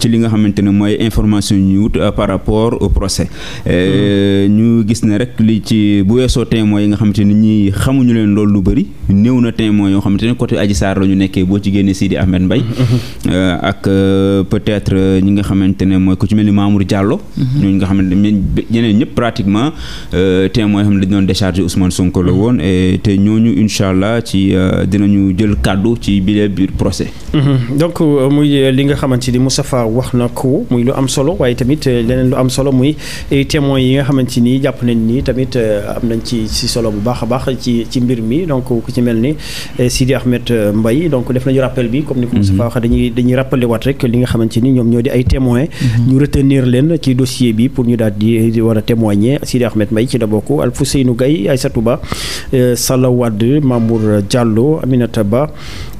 ci li nga xamante ne mooy information ñu wut euh, par rapport au procès euh, ñu gis ne rek li ci bu weesoo témoins yi nga xamante ni ñi xamuñu leen lool lu bëri néew na témoins yoo xamante ne côté Adji Sarr ñu nekkee boo ci génnee Sidi Ahmed Mbaye mm-hmm, mm-hmm. Euh, ak peut-être ñi nga xamante ne mooy ku ci mel ni Mamour Diallo mm-hmm. ñooñu nga xamante ne ñeneen ñëpp pratiquement témoins yoo xam ne dañu doon décharger Ousmane Sonko la woon te ñooñu incha allah ci dina ñu jël kàddu ci bilee biir procès donc muy li nga xamante ni Moustapha wax na ko muy lu am solo waaye tamit eh, leneen lu am solo muy eh, témoins yi nga xamante ni jàpp nañ ni tamit eh, am nañ ci solo bu baax a baax ci ci mbir mi donc ku ci mel ni Sidi Ahmed Mbaye donc def nañu rappel bi comme ni ko Moustapha mhm. waxee dañuy dañuy rappelé waat rek li nga xamante ni ñoom ñoo di ay témoins mhm. ñu retenir leen ci dossier bi pour ñu daal di war a témoigner Sidi Ahmed Mbaye ci la bokk Alfousseynou Gaye Aïssatou Ba Salla Wade Mamour Diallo Aminata Ba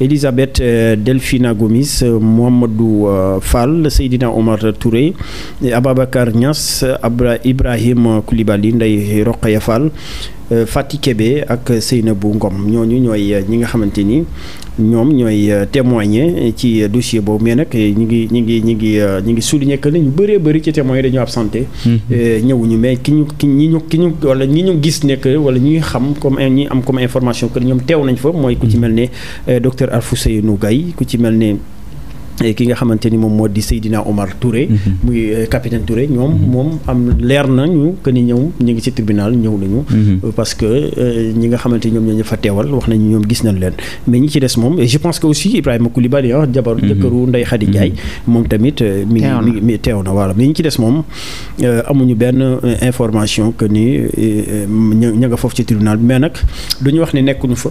Elisabeth Delphina Gomis Sall Seydina Omar Touré Ababacar Niass Abra Ibrahim Koulibaly Ndeye Rokhaya Fall euh, Fati Kébé ak bu Ngom ñooñu ñooy euh, ñi nga xamante ni ñoom ñooy euh, témoigner ci dossier boobu mais nag ñu ngi ñu ngi ñu ngi ñu ngi souligner que ñu bëree bëri ci témoins yi dañoo absenté. Mm-hmm. ñëwuñu mais ki ñu ki ñi ñu ki ñu wala ñi ñu gis ne que wala ñi xam comme ñi am comme information que ñoom teew nañ fa. mooy ku ci mm-hmm. mel ne docteur Alfousseynou Gaye ku ci mel ne. Eh, ki nga xamante ni moom moo di Seydina Omar Touré. Mm-hmm. muy eh, capitaine Touré ñoom mm-hmm. moom am leer na que ni ñoom ñu ngi ci tribunal ñëw nañu. Mm-hmm. Euh, parce que euh, ñi nga xamante ni ñoom ñoo ñu fa teewal wax nañu ñoom gis nañ leen mais ñu ci des moom je pense que aussi Ibrahima Koulibaly ah jabar jëkkëru Ndeye Khady Ndiaye moom tamit euh, mi mi teew na voilà mais ñi ci des moom amuñu benn information que ni ña nga foofu ci tribunal mais nag duñu wax ne nekkuñu fa.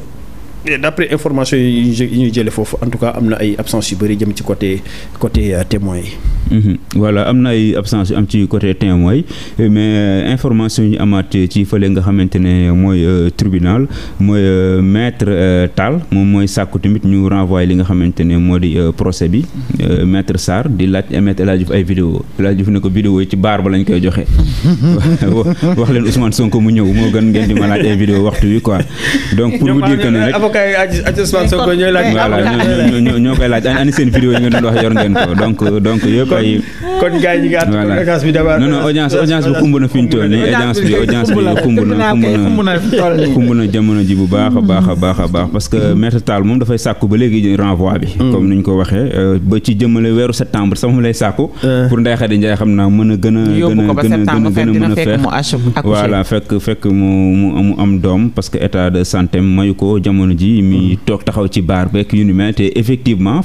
Eh, d' après information yi ñuy jëlee foofu en tout cas am na ay absence yu bëri jëm ci côté côté euh, témoins yi. Mhm. voilà am na ay absence am ci côté témoin mais euh, information ñu amaat ci fële nga xamante ne mooy euh, tribunal mooy euh, maître Tall moom mooy sàkku tamit ñu renvoyé li nga xamante ne moo di procès bi maître Sarr di laaj maître El Hadj ay vidéo El Hadj ne ko vidéo yi ci baar ba lañ koy joxe wax leen Ousmane Sonko mu ñëw moo gën ngeen di ma laaj ay vidéo waxtu wi quoi donc pour vous dire que ne rek avocat yi ak Ousmane Sonko ñooy laaj voilà ñoo koy laaj seen vidéo yi nga doon wax yor ngeen ko donc donc waaye kon audience audience bi euh, xumb na fi ñu nii audience bi audience bi xumb na xumb na xumb na jamono ji bu baax a baax a baax a baax parce mm. moom dafay sàkku ba léegi renvoi bi mm. comme ni ñu ko waxee euh, ba ci jëmale weeru septembre sama lay sàkku euh. pour Ndeye Khady Ndiaye xam naa mën a gën a gën a gën a gën a mën a feex voilà fekk fekk mu mu mu am doom parce état de santé mayu ko jamono ji mi mm. toog taxaw ci baar beeg yu ni mel te effectivement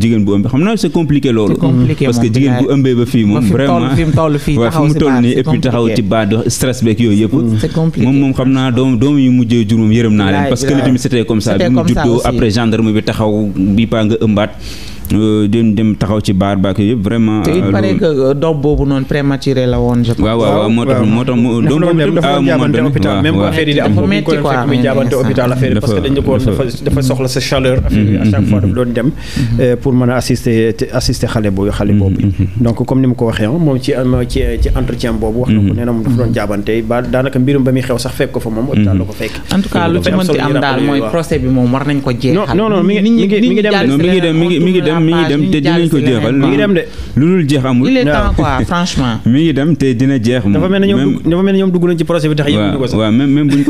jigéen bu ëmb xam naa c'est compliqué loolu parce que jigéen bu ëmbee ba fii moom vraiment waaw fi mu toll nii et taxaw ci baa stress beeg yooyu yëpp moom moom xam naa doom doom yu mujjee jur moom yërëm naa leen parce que li tamit c'était comme bi mu juddoo après gendarme bi taxaw bi baa nga ëmbaat Euh, dem dem taxaw ci baar baak yëpp vraiment. te il euh, paraît euh, ko woon dafa dafa mm-hmm. mm-hmm. a mm-hmm. ni mu ko waxee ah, moom ci ci ci entretien boobu. dafa doon jaabante ba daanaka mbirum ba muy xew sax fekk ko fa moom. hôpital la ko fekk. en daal mooy procès bi moom war nañ ko jeexal. non non mi ngi dem mi ngi dem moom mi ngi dem te dinañ jeex amul. ngi dem te dina jeex. moom dafa mel ni ñoom dugg nañ ci projet bi tax yéen dugg ko sax. waaw même même si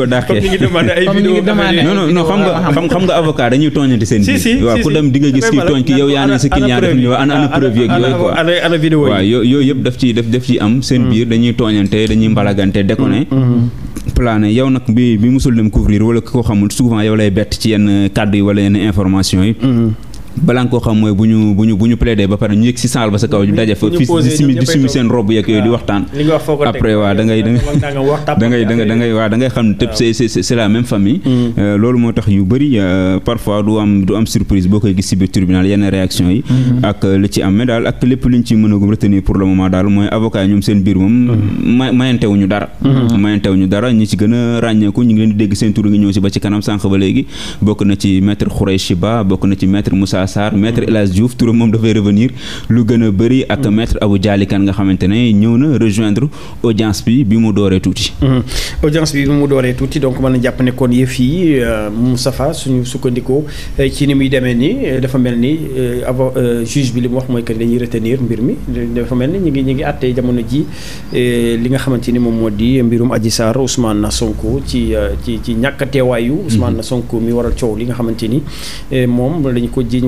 si di nga gis kii tooñ ki yow yaa ne sa client def ñu ana ana preuve yeeg yooyu quoi. ana ana vidéo yi waaw yooyu yëpp daf ci daf daf ci am. seen mm. biir dañuy tooñante dañuy mbalagante déconné mm, mm, plané yow nag bi bi musul dem couvrir wala ki ko xamul souvent yow lay bett ci yenn kàddu yi wala yenn information yi balaa nga koo xam mooy bu ñu bu ñu bu ñu plaidé ba pare ñu yëg si saal ba sa kaw ñu daje fa fi di simi seen rob yeeg yooyu di waxtaan après waaw da ngay da ngay da ngay xam ne tëb c'est c'est la même famille mm. euh, loolu moo tax yu bëri euh, parfois du am du am surprise boo koy gis si biir tribunal yenn réaction yi mm-hmm. ak euh, li ci am mais daal ak lépp liñ ci mën a retenir pour le moment daal mooy avocat yi ñoom seen biir moom mm-hmm. ma mayantewuñu dara mm-hmm. mayantewuñu dara ñi ci gën a ràññeeku ñu ngi leen di dégg seen ñëw si ba ci kanam sànq ba léegi bokk na ci maître Khoureychi Ba bokk na ci maître Moussa Sarr maître El Hadj Diouf turam moom dafay revenir lu gën a bëri ak maître Abou Dialy Kane nga xamante ne ñëw na rejoindre audience bi bi mu dooree tuuti. Mmh. audience bi bi mu dooree tuuti donc mën na jàpp ne kon yëf yi euh, Moustapha suñu sukkandikoo euh, ci ni muy demee nii euh, dafa mel ni avant juge bi li mu wax mooy que dañuy retenir mbir mi dafa mel ni ñu ngi ñu ngi àttee jamono ji li nga xamante ni moom moo di mbirum Adji Sarr Ousmane Sonko ci ci ci ñàkk teewaayu Ousmane mmh. Sonko mi waral coow li nga xamante ni moom lañu ko jiiñ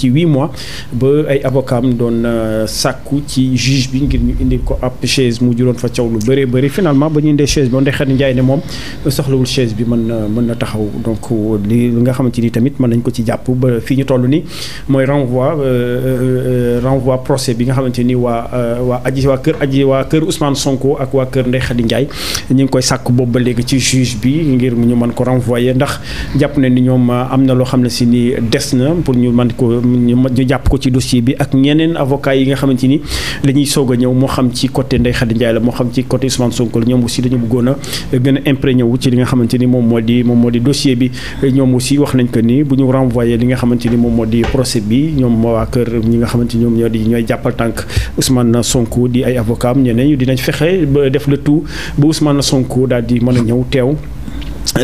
ci huit mois ba ay avocat am doon euh, sàkku ci juge bi ngir ñu indil ko ab chaise mu juróon fa caw lu bëree bëri finalement ba ñu indee chaise bi moom day xel njaay ne moom euh, soxlawul chaise bi mën na mën na taxaw donc euh, li nga xamante ni tamit mën nañ ko ci jàpp ba fii ñu toll ni mooy renvoi renvoi procès bi nga xamante ni waa waa aji waa kër aji waa kër Ousmane ak waa kër Ndeye Khady Ndiaye ñu koy sàkk boobu ba léegi ci juge bi ngir ñu mën ko renvoyer ndax jàpp na ni ñoom am na loo xam ne si ni des na pour ñu mën ko ñu jàpp ko ci dossier bi ak ni dañuy soog a ñëw moo xam ci côté Ndeye Khady Ndiaye la ñoom a gën a moo di moom moo di dossier bi ñoom aussi wax nañ ko ni bu ñu renvoyé li nga xamante moom moo di procès bi ñoom waa kër ñi nga xamante ñoom ñooy jàppal tànk Ousmane Sonko di ay avocat am ñeneen dinañ fexe ba def le tout ba Ousmane Sonko daal mën a ñëw teew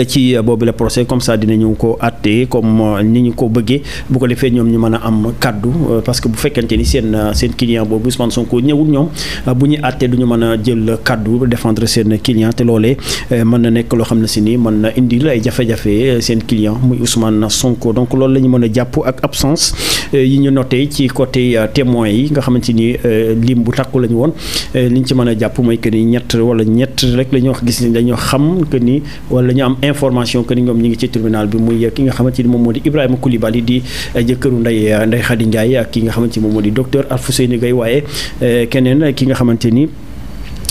ci boobu le procès comme ça dinañu ko at adapté comme euh, ni ñu ko bëggee bu ko defee ñoom ñu mën a am kaddu euh, parce que bu fekkente ni seen euh, seen client boobu Ousmane Sonko ñëwul ñoom bu ñu àttee du ñu a jël kaddu défendre seen client te loolee mën na nekk loo xam ne si ni man na indil ay jafe-jafe seen client muy Ousmane Sonko donc la ñu mën a jàpp ak absence yi ñu noté ci côté témoins yi ni lim bu takku la ñu woon li ñu ci mën a jàpp mooy que ni ñett wala ñett rek la ñu wax gis ni dañoo xam que ni wala ñu am information que ni ñoom ñu ngi ci tribunal bi muy ki nga xamante ni moom moo di Ibrahima Koulibaly di eh, jëkkëru Ndeye eh, Ndeye Khady Ndiaye ak ki nga xamante ni moom moo di docteur Alfousseyni Gaye waaye eh, keneen ki nga xamante ni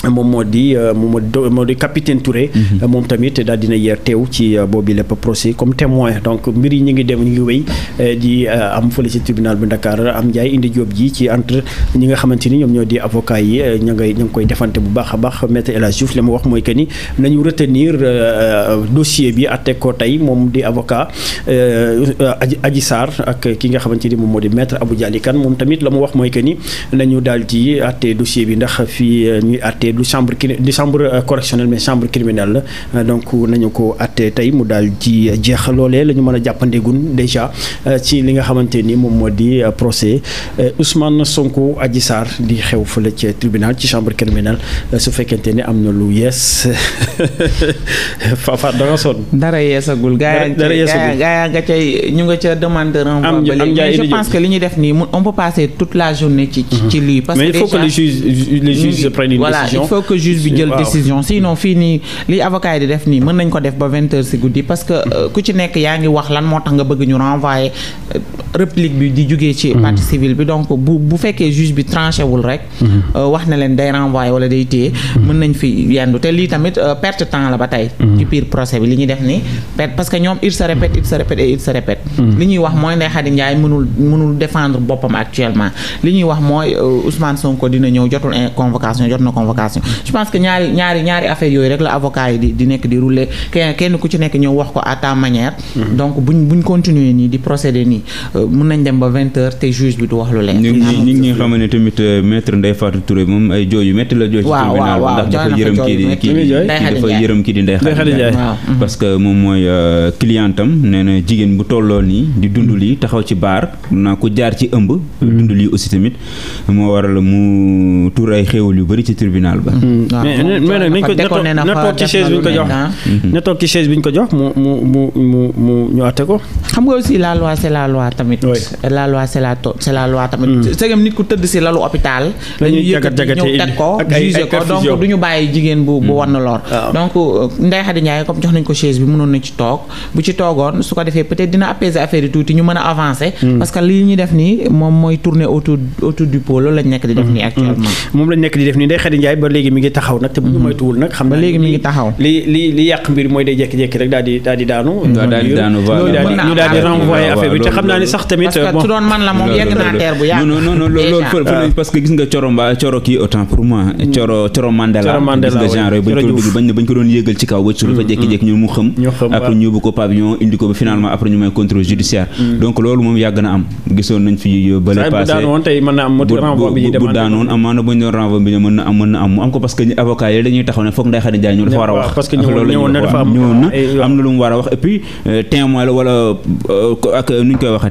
moom moo di euh, moom moo di capitaine Touré. Mhm. Euh, moom tamit daal dina yeer teew ci euh, boobu lépp procès comme témoin donc mbir yi ñu ngi dem ñu ngi wéy di am fële ci tribunal bu ndakaar am Ndiaye indi Diop ji ci entre ñi nga xamante ni ñoom ñoo di avocat yi ña ngay ña ngi koy defante bu baax a baax maître El Hadj Diouf li mu wax mooy que ni nañu retenir dossier bi àtte ko tey moom di avocat Adji Sarr ak ki nga xamante ni moom moo di maître abu Dialy moom tamit la mu wax mooy que ni nañu daal di bi ndax fii ñuy àtte du chambre cri du chambre euh, correctionnelle mais chambre criminelle la euh, donc nañu ko àtte tey mu daal ci jeex loolee la ñu mën a jàppandeegun déjà euh, ci li nga xamante ni moom moo di procès Ousmane Sonko Adji Sarr di xew fële ci tribunal ci chambre criminelle su fekkente ni am na lu yees Fafa da nga sonn. dara yeesagul. dara yeesagul gaa nga cay ñu nga ca demande renvoi mais je pense que li ñu def nii on peut passer toute la journée. ci ci mhm. lii mais il faut les juges les juges il faut que juge bi jël décision sinon fii nii li avocat yi di def nii mën nañ ko def ba vingt heures si guddi parce que euh, ku ci nekk yaa ngi wax lan moo tax nga bëgg ñu renvoyer euh, réplique bi di jugee ci mm-hmm. partie civile bi donc bu bu fekkee juge bi tranché wul rek mm-hmm. euh, wax na leen day renvoyer wala day téye mm-hmm. mën nañ fi yendu te lii tamit perte temps la ba tey ci biir procès bi li ñuy def nii perte parce que ñoom il se répète il se répète li ñuy wax mooy Ndeye Khady Ndiaye administration je pense que ñaari ñaari ñaari affaire yooyu rek la avocat yi di nekk di rouler kenn ku ci nekk ñëw wax ko à ta mm-hmm. donc buñ buñ continuer nii di procéder nii euh, mun nañ dem ba vingt te juge bi du wax lu parce que moom mooy euh, clientam nee jigéen bu tolloo nii di dund lii taxaw ci baar naa ko jaar ci ëmb mm-hmm. dund lii aussi tamit moo waral mu tuur ay xéewal yu bëri ci tribunal tribunal ba. Mm. mais mais nag ko na toog ci chaise bi ñu ko jox. na mm-hmm. toog ci chaise bi ñu ko jox mu mu mu mu mu ñu àtte ko. xam nga aussi la loi c'est la loi tamit. la loi c'est la c'est la loi tamit. sëgam mm. nit ku tëdd si lalu hôpital. dañuy jagat jagate indi ak ay ay perfusion ko donc du ñu bàyyi jigéen bu bu mm. wan lor. donc euh, Ndeye Khady Ndiaye comme jox nañ ko chaise bi mënoon na ci toog bu ci toogoon su ko defee peut-être dina apaiser affaire yi tuuti ñu mën a avancer. parce que lii ñuy def nii moom mooy tourner autour autour du pot loolu lañ nekk di def nii actuellement. moom lañ nekk di def nii Ndeye Khady Ndiaye ba léegi mi ngi taxaw nag te bu ñu mhm. moytuwul nag xam na léegi mi ngi taxaw li li li yàq mbir mooy day jékki-jékki rek daanu daal nga coro mba coro mm. nga genre bañ ko tey mën na am bu daanoon amaana bañ doon na am mu am ko parce que ñu avocat yi dañuy taxaw ne foog Ndeye Khady Ndiaye ñëw dafa war a wax parce que ñëwoon dafa war a wax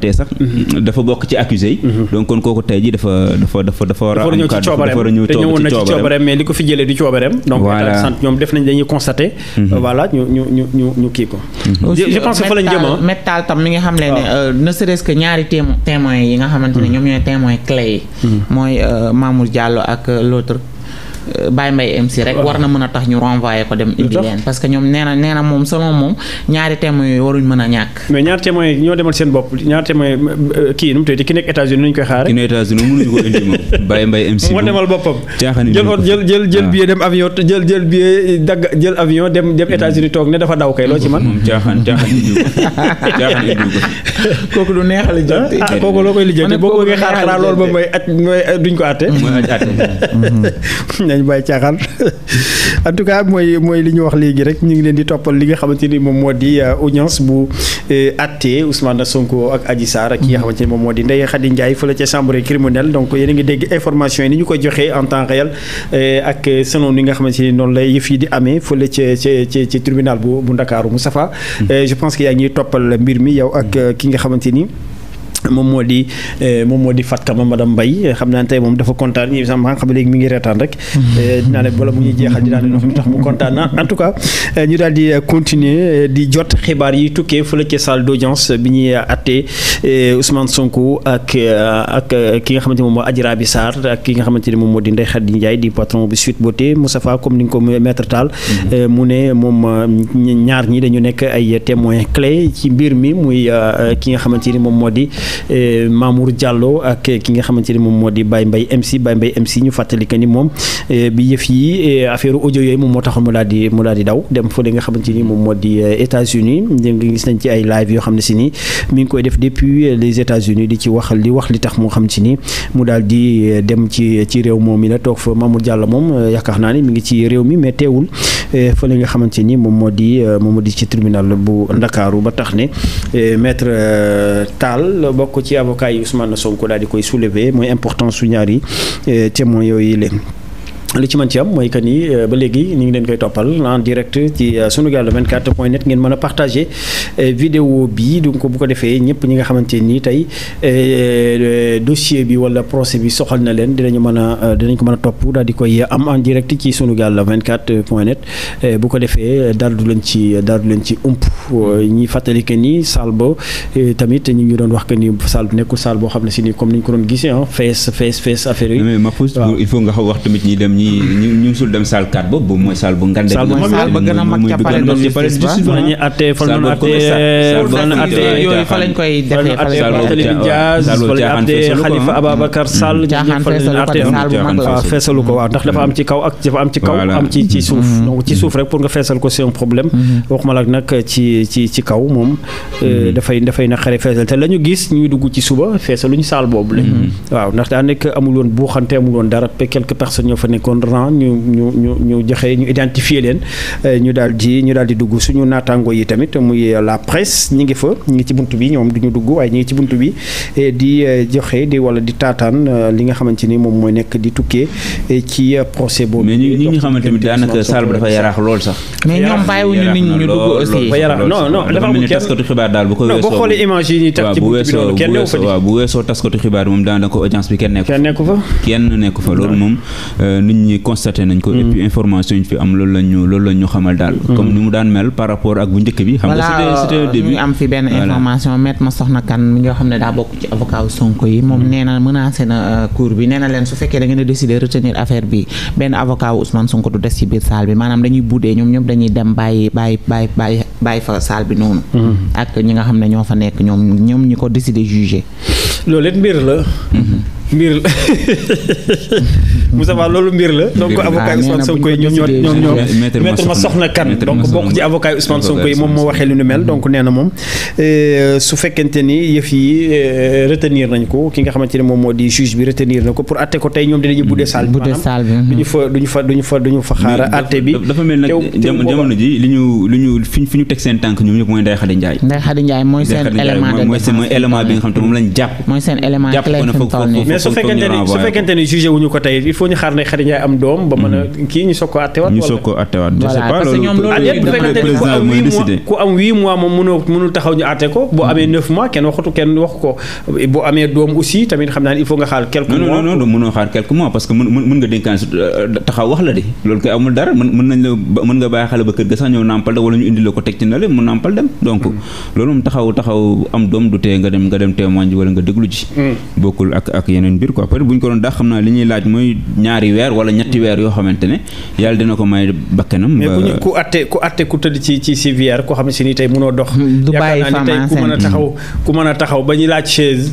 et euh, euh, mm-hmm. dafa bokk ci accusé yi war a ñëw ci coobareem yi nga xamante mm-hmm. ñoom ñooy témoins clés yi mm-hmm. mooy euh, Mamour Diallo ak l'autre Baye Mbaye MC rek war na mën a tax ñu renvoyé ko dem indi parce que ñoom nee na nee na moom selon moom ñaari témoins yooyu waruñ mën a ñàkk mais ñaari témoins yi ñoo demal seen bopp ñaari euh, ko indi moom Baye Mbaye MC moo demal boppam jël jël jël ah. billet dem avion jël jël billet dagg jël avion dem dem mm-hmm. États-Unis ne dafa daw kay loo ci man kooku lu neex a ah, ah, kooku loo koy lijjanti boo ko xaar xaar loolu ba mooy at duñ ko atte nañ bàyyi caaxaan en mooy mooy li ñu wax léegi rek ñu ngi leen di toppal li nga xamante ni moom moo di euh, audience bu àttee euh, Ousmane Sonko ak Adji Sarr ak ki nga mm-hmm. xamante ni moom moo di Ndeye Khady Ndiaye fële ca chambre criminelle donc yéen a ngi dégg information yi ni ñu ko joxee en temps réel euh, ak selon li nga xamante ni noonu lay fii di amee fële ca ca ca ci tribunal bu bu Ndakaaru Moustapha mm-hmm. je pense que yaa ngi toppal mbir mi yow ak ki nga xamante ni moom moo di eh, moom moo di ma Kama madame Mbaye eh, xam naa ne moom dafa kontaan ñi sax maa xam léegi mi ngi reetaan rek. Eh, dinaa ne bala bu ñuy jeexal dinaa ne lu tax mu kontaan na en tout cas ñu daal di continuer di jot xibaar yi tukkee fële ca salle d'audience bi ñuy àttee Ousmane Sonko ak ak ki nga xamante moom moo Adji Raby ki nga xamante ne moom moo di Ndeye Khady Ndiaye di patron bu Sweet Beauté Moustapha comme ni nga ko maître Tall. Mm-hmm. mu ne moom ñaar ñi dañu nekk ay témoins clés ci mbir mi muy ki nga xamante ni moom moo di. Eh, Mamour Diallo ak eh, ki nga xamante ni moom moo di Baye Mbaye MC Baye Mbaye MC ñu fàttali que ni moom eh, bi yi affaire audio yooyu moom moo taxoon mu di mu daal di daw dem fële nga xamante ni moom moo di États-Unis dégg nga gis nañ ci ay live yoo xam ne si ni mi ngi koy def depuis les États-Unis di ci wax li wax li tax moo xam si ni mu daal di dem ci ci réew moom mi la toog fa Mamour Diallo moom yaakaar naa ni mi ngi ci réew mi mais teewul fële nga xamante ni moom moo di moom di ci tribunal bu Ndakaaru ba tax ne maître Tall bokk ci avocat yi Ousmane Sonko daal di koy soulever mooy importance su ñaari eh, témoins yooyu leen li ci mën ci am mooy que ni euh, ba léegi ñu ngi leen koy toppal en direct ci euh, sunugal 24 point net ngeen mën a partagé euh, vidéo bi donc bu ko defee ñëpp ñi nga xamante nii tey dossier bi wala procès bi soxal na leen dinañu mën a dinañ ko mën a topp daal di koy am en direct ci sunugal 24 point net bu ko defee dara du leen ci dara du leen ci ump ñi fàttali que ni salle bo tamit ñu ngi doon wax que ni salle bi nekkul salle boo xam ne si ni comme ñi ñu ñu sul dem salle 4 boobu mooy salle bu ngande salle bu gën a mag ca palais de justice ba ñu atte fa ñu atte fa ñu atte yooyu fa lañ koy defee fa lañ koy atte Khalifa Ababacar Sall waaw feesalu ko waaw ndax dafa am ci kaw ak dafa am ci kaw am ci ci mhm. suuf mhm. donc ci suuf rek pour nga feesal ko c'est un problème mhm. waxuma la nag ci ci ci kaw moom euh, dafay dafay na xare feesal te la ñu gis ñuy dugg ci suba feesaluñu salle boobu la waaw ndax daanaka amul woon buuxante amul woon dara quelques personnes ñoo fa nekkoon woon rang ñu ñu ñu ñu joxe ñu identifier leen euh, ñu daal di ñu daal di dugg suñu naataango yi tamit muy euh, la presse ñi ngi fa ñi ngi ci buntu bi ñoom du ñu dugg waaye ñi ngi ci buntu bi euh, di joxe di wala di taataan li nga xamante ni moom mooy nekk di tukkee ci procès boobu. daanaka salle bi dafa yaraax lool sax. mais ñoom bàyyiwuñu nit ñi ñu dugg aussi. non non dafa mel ni taskatu xibaar daal bu ko weesoo. boo xoolee image yi ñuy teg ci waaw bu weesoo taskatu xibaar moom daanaka audience bi kenn nekku fa. kenn nekku fa loolu moom nit ñi constaté nañ ko. et puis mm. information yi fi am loolu la ñu loolu la ñu xamal daal. Mm. comme ni mu daan mel par rapport ak bu njëkk bi. xam nga c'était c'était début ñu am fi benn information maître Massokhna Kane mi nga xam ne daa bokk ci avocat wu yi moom mm. nee na menacé na euh, cour bi nee na leen su fekkee da ngeen a décider retenir affaire bi benn avocat wu Ousmane Sonko du des ci biir salle bi maanaam dañuy buddee ñoom ñëpp dañuy dem bàyyi bàyyi bàyyi bàyyi bàyyi fa saal bi noonu. ak ñi nga xam ne ñoo fa nekk ñoom ñoom ñi ko décider juger loolu it mbir la. Mm-hmm. mbir la Moussa Fall loolu mbir la. donc ah, avocat Ousmane Sonko yi ñoom ñoom ñoom maître ma soxna kan donc bokk ci avocat Ousmane Sonko yi moom moo waxee lu nu mel mm-hmm. donc nee na moom euh, su fekkente ni yëf yi euh, retenir nañ ko ki nga xamante ne moom moo di juge bi retenir na ko pour ñoom dinañu mm-hmm. budde saal dafa mel nag jamono ji li ñu ñu fi ñu teg seen tànk ñoom ñëpp mooy Ndeye Khady bi nga xam te moom lañ jàpp mooy mais su fekkente ni su fekkente ni jugé wuñu ko tey il faut ñu xaar ne Khady am doom ba mën mm-hmm. kii ñu soog ko attewaat ñu soog ko attewaat loolu moom mënoo mm-hmm. nga xaar quelques taxaw wax la de loolu koy amul dara mën mën la mën nga bàyyi xale ba kër ga sax nàmpal da wala ñu indi ko teg ci nale mu nàmpal dem mm-hmm. loolu moom taxaw taxaw am doom du tee nga dem nga dem témoigne wala nga déglu jublu ji mm. bokkul ak ak yeneen mbir quoi peut bu ñu ko doon daax xam naa li ñuy laaj mooy ñaari weer wala ñetti weer yoo xamante ne yàlla dina ko may bakkanam mais kuñu ku atte ku atte ku tëdd ci ci civière ko xam si ni tey mënoo dox yaakaar naa ni tey ku mën a taxaw ku mën a taxaw ba ñu laaj chaise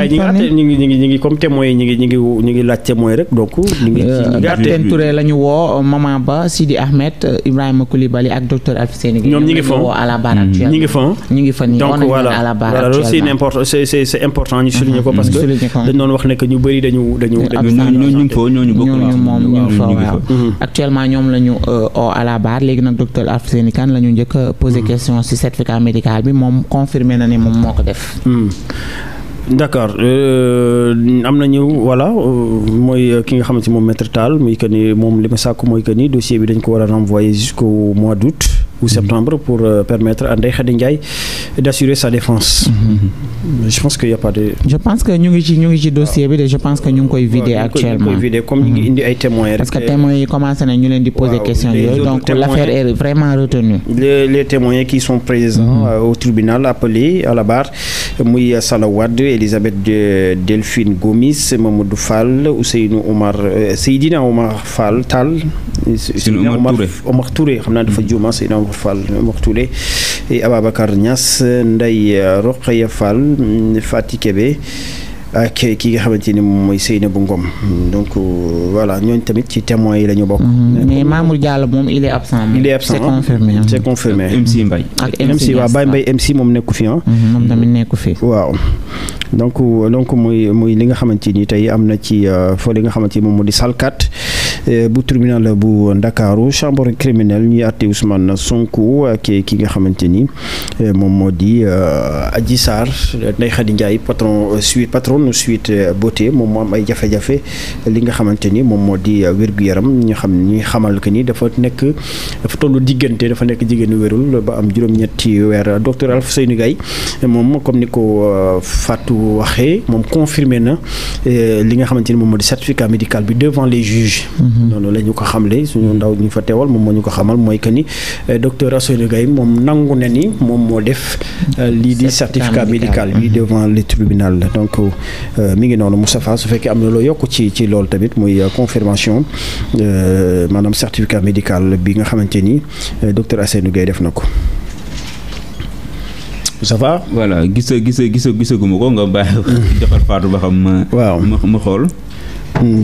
gars ngi ñu ngi ñu ngi comme témoin yi ñu ngi ñu ngi ñu ngi laaj témoin rek donc. ñu ngi euh, ñu ngi àtte Touré la ñu woo Maman Ba Sidi Ahmed Ibrahima ak docteur Alfousseni. ñoom ñu mm-hmm. ngi fa woo la barre actuelle ñu ngi fa ñu ngi fa nii donc voilà voilà loolu c'est important c'est c'est wax ne que ñu bëri dañu ñu ngi fa waaw mm-hmm. actuellement ñoom la ñu euh, oo la barre léegi nag docteur Alfousseni Kane la ñu njëkk a posé mm-hmm. question ci certificat médical bi moom confirmé na ne moom moo ko def d' accord euh, am nañu voilà euh, mooy ki nga xamante moom maître Tall muy que ni moom li ma sàkk mooy que nii dossier bi dañ ko war a renvoyer jusqu'au mois d' août. ou septembre pour euh, permettre à Ndeye Khady Ndiaye d'assurer sa défense. Mm -hmm. Je pense qu'il n'y a pas de. je pense que ñu ngi ci ñu ngi ci dossier bi de je pense que ñu ngi koy vider actuellement ñu ngi koy vider comme ñu ngi mm-hmm. indi ay témoins. parce que témoins yi commencé na ñu leen di poser question yooyu donc l'affaire est vraiment retenue. les les témoins qui sont présents mm-hmm. euh, au tribunal appelés à la barre muy Salah Wade Elisabeth Delphine Gomis Mamadou Fall Ousseynou Omar euh, Omar Fall Mokhtoulé et Ababacar Niass Ndeye Rokhaya Fall Fati Kébé ak ki nga xamante ni moom mooy Seynabou Ngom donc euh, voilà ñooñu tamit ci témoins yi la ñu bokk. Mhm. mais Mamour Diallo moom il est absent. il est absent c'est confirmé. c'est confirmé MC Mbaye. ak MC waaw ah. MC moom nekku fi ah. moom tamit nekku fi. waaw donc euh, li nga xamante ni tey am na ci euh, foo li nga xamante moom moo di salkat. E, bu tribunal bu Ndakaaru chambre criminelle ñuy àtte Ousmane Sonko ak ki nga xamante ni e, moom moo di e, Adji Sarr Ndeye Khady Ndiaye patron suite patron suite beauté moom moo am ay jafe-jafe li nga xamante ni moom moo di wér yaram ñu xam ñi xamal que ni dafa nekk dafa tollu diggante dafa nekk jigéenu wérul ba am juróom-ñetti weer docteur Alfousseyni Gaye moom comme ni ko Fatou waxee moom confirmé na li nga xamante ni moom moo di certificat médical bi devant les juges. Mm-hmm. Mm-hmm. noonu la ñu ko xamle suñu ndaw ñu fa teewal moom moo ñu ko xamal mooy que ni euh, docteur Assane Gaye moom nangu na ni moom moo def euh, lii di certificat médical bi mm-hmm. devant le tribunal donc euh, mi ngi noonu Moustapha su fekkee am na loo yokk ci ci loolu tamit muy confirmation maanaam certificat médical bi nga xamante ni docteur Assane Gaye def na ko ça va. gisoo gis gisoo gis gisaguma ko nga baax mm-hmm. joxal Fatou ba xam. waaw ma ma xool. Mm,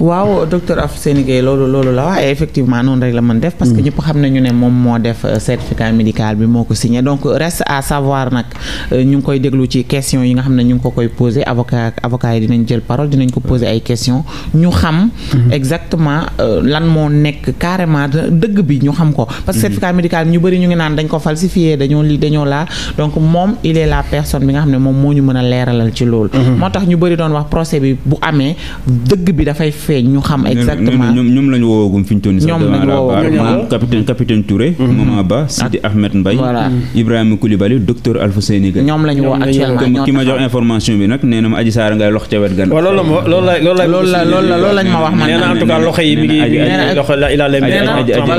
waaw docteur Afousseyni Gueye loolu la wax effectivement noonu rek mën def. parce que mm. ñëpp xam ne moo def euh, certificat médical bi moo ko euh, euh, ñu yi nga xam ne ñu ngi ko koy posé avocat avocat yi dinañ jël parole dinañ ko posé ay question ñu xam. Mm-hmm. exactement lan moo nekk carrément dëgg bi ñu xam ko. parce que mm-hmm. certificat médical bi ñu bëri ñu ngi naan dañ ko falsifié dañoo lii dañoo laa donc moom il est la personne bi nga xam ne moom moo ñu mën a leeralal ci loolu. Mm-hmm. moo tax ñu bëri doon wax procès bi bu amee dëgg bi dafay. feeñ ñu xam exactement ñoom ñoom la ñu woowagum fi ñu toll nii sax ñoom la ñu mm-hmm. Ahmed Mbaye voilà Ibrahima Koulibaly docteur Alpha Seyni ñoom la ñu actuellement ki ma jox information la loolu la loolu la loolu lañ ma wax man nee na en tout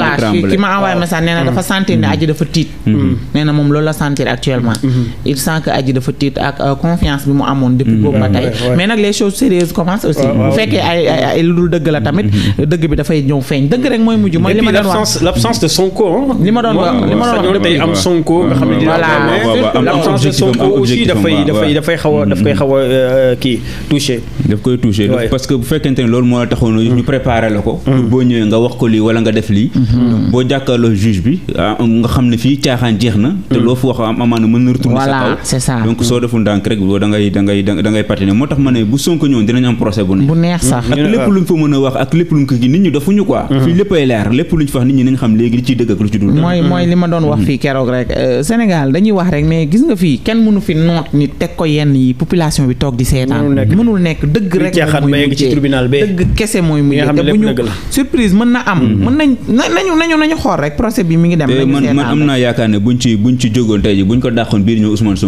a dafa mm-hmm. sentir ne Adji dafa tiit mm-hmm. nee moom loolu la sentir actuellement il sent que dafa tiit ak euh, confiance bi mu amoon depuis boobu ba tey mais nag les choses sérieuses commencent aussi bu fekkee ay ay lu dul dëgg la tamit mm-hmm. dëgg bi dafay ñëw feeñ dëgg rek mooy mujj mooy li ma doon li ma doon wax li ma doon wax day am Sonko nga xam ne voilà l'absence de Sonko aussi xaw daf koy xaw a euh, kii touché daf koy touché parce que bu fekkente ne loolu moo la taxoon ñu préparé la ko mm-hmm. boo ñëwee nga wax ko lii wala nga def lii mm-hmm. boo jàkkaarloo juge bi ah, nga xam ne fii caaxaan jeex na te loo fu wax am amaana mën na retourner sa kaw donc soo deful ndànk rek da ngay da ngay da ngay patiner moo tax ma ne bu Sonko ñëwoon dinañ am procès bu neex sax luñ fa mën a wax ak lépp luñ ko gi nit ñi dafuñu quoi mhm. fii léppay leer lépp luñ fa wax nit ñi nañ xam léegi li ciy dëgg ak lu ci dul mooy mooy li ma doon wax mhm. fii keroog rek euh, Sénégal dañuy wax rek mais gis nga fii kenn mënu fi noot nit teg ko yenn yi population bi toog di seetaan mënul nekk dëgg rek mooy mujjee dëgg kese mooy mujjee te ñu mhm. nañu xool rek procès bi mi ngi dem eh, man am naa yaakaar ne buñ ci ci jógoon tey ji buñ ko dàqoon biir ñëw Ousmane Sonko